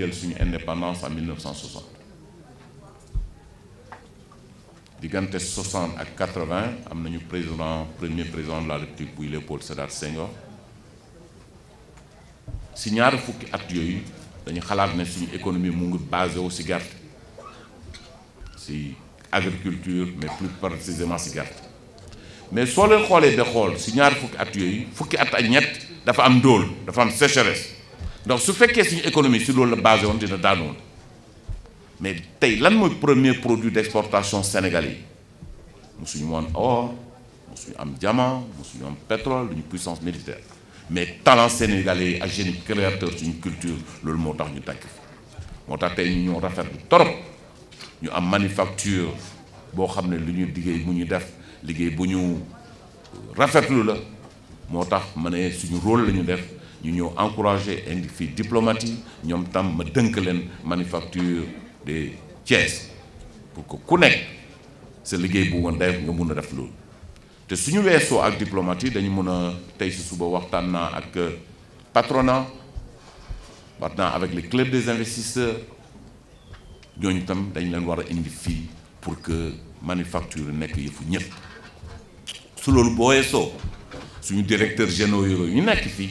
jël suñu indépendance en 1960 1960 60 ak 80 am eu président premier président de la république buy Léopold Sédar Senghor si ñaari fukki at dañu xalaat ne suñu économie mu ngi basé au si agriculture mais plus précisément si mais soo leen xoolee de xool si ñaari fukki at yooyu fukki at ak ñett dafa am ndóol dafa am sécheresse donc ce fait une économie sur la base est dina mais tay, lan premier produit d'exportation sénégalais Nous sommes en or, nous sommes en diamant sommes en pétrole une puissance militaire mais talent sénégalais yi génie culture loolu moo tax ñu avons fait tax ñu torop ñu manufacture la Nous avons rôle ñu ñëw encouragé indi fii diplomatie ñoom tam ma dënk leen manufacture de Thiès pour que ku nekk sa liggéey bu woon day nga mun a def loolu te suñu weesoo ak diplomatie dañu mun a tey si suba waxtaan naa ak euh, patronat waxtaan avec les clubs des investisseurs ñooñu tam dañ leen war a indi fii pour que manufacture nekk yëfu ñëpp su loolu boo weesoo suñu directeur généraux yooyu ñu nekk fii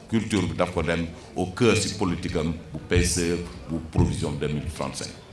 culture bi au cœur si politique am bu PSE la provision 2035